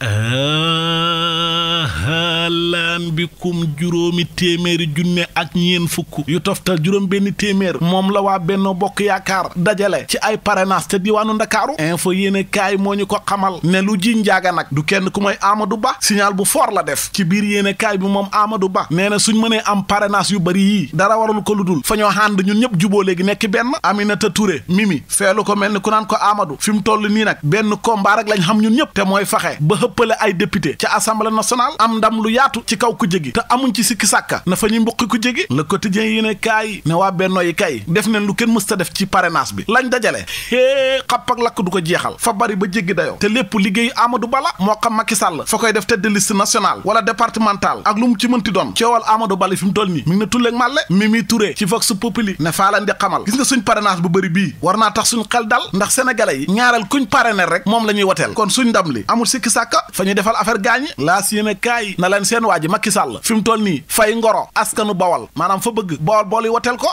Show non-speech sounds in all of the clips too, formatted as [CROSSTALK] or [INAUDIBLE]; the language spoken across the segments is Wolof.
Ah. islam bikum juróomi téeméeri junne ak ñeen fukk yu toftal juróom benn téeméer moom la waa Benno Bokk Yaakaar dajale ci ay parrainage te diwaanu Ndakaaru info yéene kaay moo ñu ko xamal ne lu ji njaaga nag du kenn ku may Amadou Ba signal bu fort la def ci biir yéene kaay bi moom Amadou Ba nee na suñ mënee am parrainage yu bari yii dara warul ko lu dul fa ñoo ànd ñun ñëpp juboo léegi nekk benn Aminata Touré Mimi feelu ko mel ni ku naan ko Amadou fi mu toll nii nag benn combat rek lañ xam ñun ñëpp te mooy faxe ba hëppale ay député ca assemblée nationale am ndam lu yaatu ci kaw ku jégi te amuñ ci sikki sàkka na fa ñuy mbuqi ku jégi le quotidien yi ne kaay ne waa bennoo yi kaay def nen lu kenn mës ta def ci parrainage bi lañ dajale hée xapp ak lakk du ko jeexal fa bari ba jéggi dayoo te lépp liggéey amadu Bala moo xam Macky Sall fa koy def tête de liste nationale wala départemental ak lu mu ci mënti doon coowal Amadou Bala fi mu toll nii mi ngi ne tulleeg màlle Mimi Touré ci Vox Populi ne faa leen di xamal gis nga bu bëri bii war naa tax suñ xel dal ndax sénégalais yi ñaareel kuñ parrainer rek moom la ñuy woteel kon suñ ndam li amul sikki sàkka fa defal affaire gaañi laa si na leen seen waa ji Macky Sall fi mu toll nii fay ngoro askanu bawal maanaam fa bëgg bool bool yi woteel ko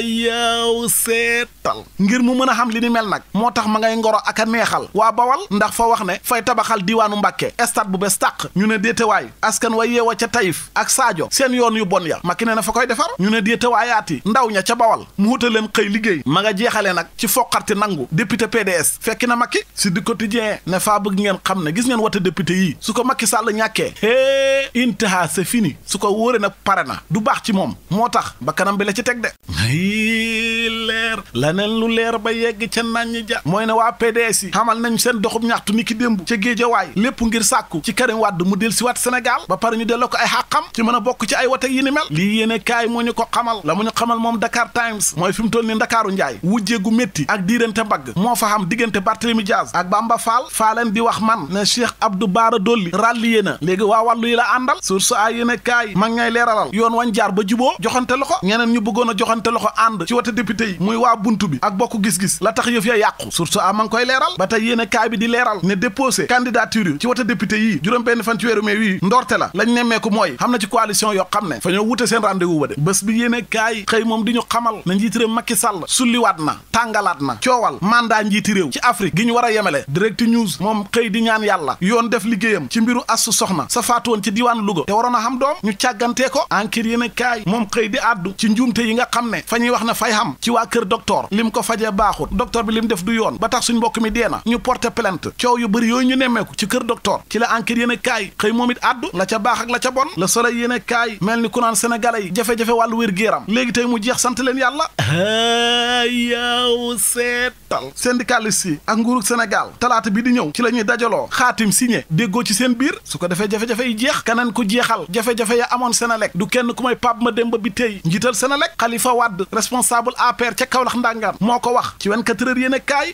yow seetal ngir mu mën a xam li ni mel nag moo tax ma ngay ngoro ak a neexal waa bawal ndax fa wax ne fay tabaxal diiwaanu Mbàkke stade bu be tàq ñu ne déetewaay askan wa yeewa ca Taïf ak Sadio seen yoon yu bon ya Macky ne na fa koy defar ñu ne déetewaayaati ndaw ña ca bawal mu wuta leen xëy liggéey ma nga jeexale nag ci foqarti nangu député PDS fekki na Macky si du quotidien ne faa bëgg xam ne gis ngeen wote député yi su ko Macky hee eh, intaha c'est sefini su ko wóore nag pare na du baax ci moom moo tax ba kanam bi la ci teg de leer laneen lu leer ba yegg ca nañ ja mooy ne waa PDS yi xamal nañ seen doxub ñaxtu ni ki démb ca géejawaay lépp ngir sàkku ci Karim Wade mu del si waat Sénégal ba pare ñu delloo ko ay xàqam ci mën a bokk ci ay wote yi ni mel lii yéene kaay moo ñu ko xamal la mu ñu xamal moom Dakar Times mooy fi mu toll ni Ndakaaru njaay wujjee gu métti ak diirante mbagg moo fa xam diggante Barthélemy Diaz ak Bamba Fall faaleen di wax man ne Cheikh Abdou Bara Dolli rallié na léegi waa wàllu la àndal source a yéene kaay mag ngay leeralal yoon wañ jaar ba juboo joxante a joxante loxo député yi muy waa buntu bi ak bokk gis-gis la tax yëf ya yàqu surtout a ma ngi koy leeral ba tey yéen a kaay bi di leeral ne déposé candidature yi ci wote député yii juróom benn fan ci weeru mai wii ndorte la lañ nemmeeku mooy xam na ci coalition yoo xam ne fa ñoo wute seen rendez-vous ba de bés bi yéen a kaay xëy moom di ñu xamal na njiiti réew Macky na tàngalaat na coowal mandat njiiti réew ci Afrique gi ñu war a yemale direct news moom xëy di ñaan yàlla yoon def liggéeyam ci mbiru assu soxna sa ci diiwaanu Louga te waroon a xam doom ñu càggantee ko enquête yéen a moom xëy di àddu ci njuumte yi nga xam ne fa ñuy wax ne fay ci waa kër docteur lim ko fajee baaxut docteur bi lim def du yoon ba tax suñ mbokk mi dee na ñu porter plainte coow yu bëri yooyu ñu nemmeeku ci kër docteur ci la enquête yéen a kaay xëy moom it addu la ca baax ak la ca bon la soleil yéen a kaay mel ni ku naan sénégalais yi jafe-jafe wàllu wér-géeram léegi tey mu jeex sant leen yàlla yaw seetal syndicaliste yi ak nguurug sénégal talaata bi di ñëw ci la ñuy dajaloo xaatim signé déggoo ci seen biir su ko defee jafe yi jeex keneen ku jeexal jafe-jafe ya amoon Senelec du kenn ku may Pape Mademba Bitèye njiital Senelec Khalifa Wade responsable APR ca Kaolack ndàngaam moo ko wax ci 24 heures yéen a kaay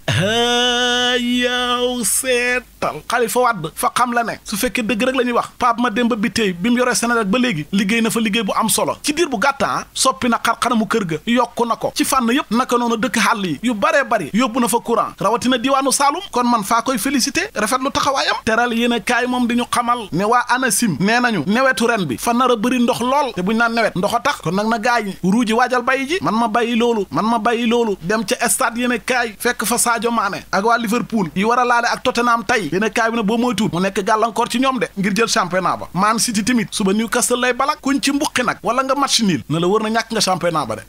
yow seetal Xalifa Wàdd fa xam la ne su fekkee dëgg rek la ñuy wax Pape Mademba Bitèye bi mu yoree Senelec ba léegi liggéey na fa liggéey bu am solo ci diir bu gàttan ah soppi na xar kër ga yokku na ko ci fànn yépp naka noonu dëkk xàll yi yu baree bari yóbbu na fa courant rawatina diwaanu Saalum kon man faa koy félicité rafet lu taxawaayam teral yéen a kaay moom di ñu xamal ne waa ANACIM nee nañu newetu ren bi fa a bëri ndox lool te buñ naan nawet ndox a tax kon nag na gaañ ruuji waajal bàyyi man ma bàyyi man ma bay loolu dem ca stade yéen a fekk fa Sadio maane ak waa Liverpool yi war a laale ak Tottenham tey yéen a kaay bi ne boo moytuut mu nekk gàllankoor ci ñoom de ngir jël championnat ba Man City tamit suba Newcastle lay balak kuñ ci mbuqi nag wala nga match nil na la wër na ñàkk nga championnat ba de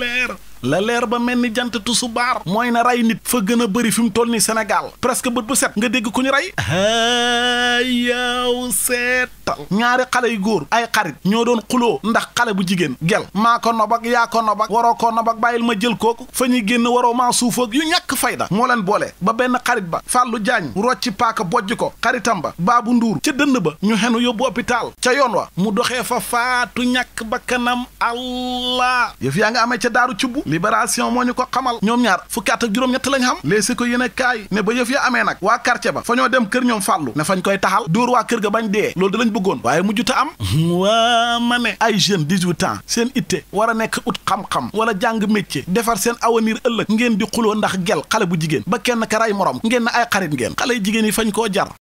leer la leer ba mel ni jant tusu baar mooy na rey nit fa gën a bëri fi mu toll nii Sénégal presque bët bu set nga dégg ku ñu rey ayaw seetal ñaari xale yu góor ay xarit ñoo doon xuloo ndax xale bu jigéen gel maa ko nobak yaa ko nobak waroo ko nobak bàyyil ma jël kooku fa ñuy génn waroo maa suufoog yu ñàkk fayda moo leen boole ba benn xarit ba fàllu jaañ rocci paaka bojj ko xaritam ba baabu nduur ca dënd ba ñu xenu yóbbu hôpital ca yoon wa mu doxee fa faatu ñàkk bakkanam allah yëf yaa ca daaru cubbu libération moo ñu ko xamal ñoom ñaar fukki at ak juróom-ñett lañ xam léegi ko yéen a kaay ne ba yëf ya amee nag waa quartier ba fa ñoo dem kër ñoom fàllu ne fañ koy taxal dóor waa kër ga bañ dee loolu da lañ bëggoon waaye mujjuta am [LAUGHS] waa ma ne ay jeune 18 ans seen itte war nekk ut xam-xam wala jàng métier defar seen avenir ëllëg ngeen di xuloo ndax gel xale bu jigéen ba kenn ka ray morom ngeen ay xarit ngeen xale jigéen yi fañ koo jar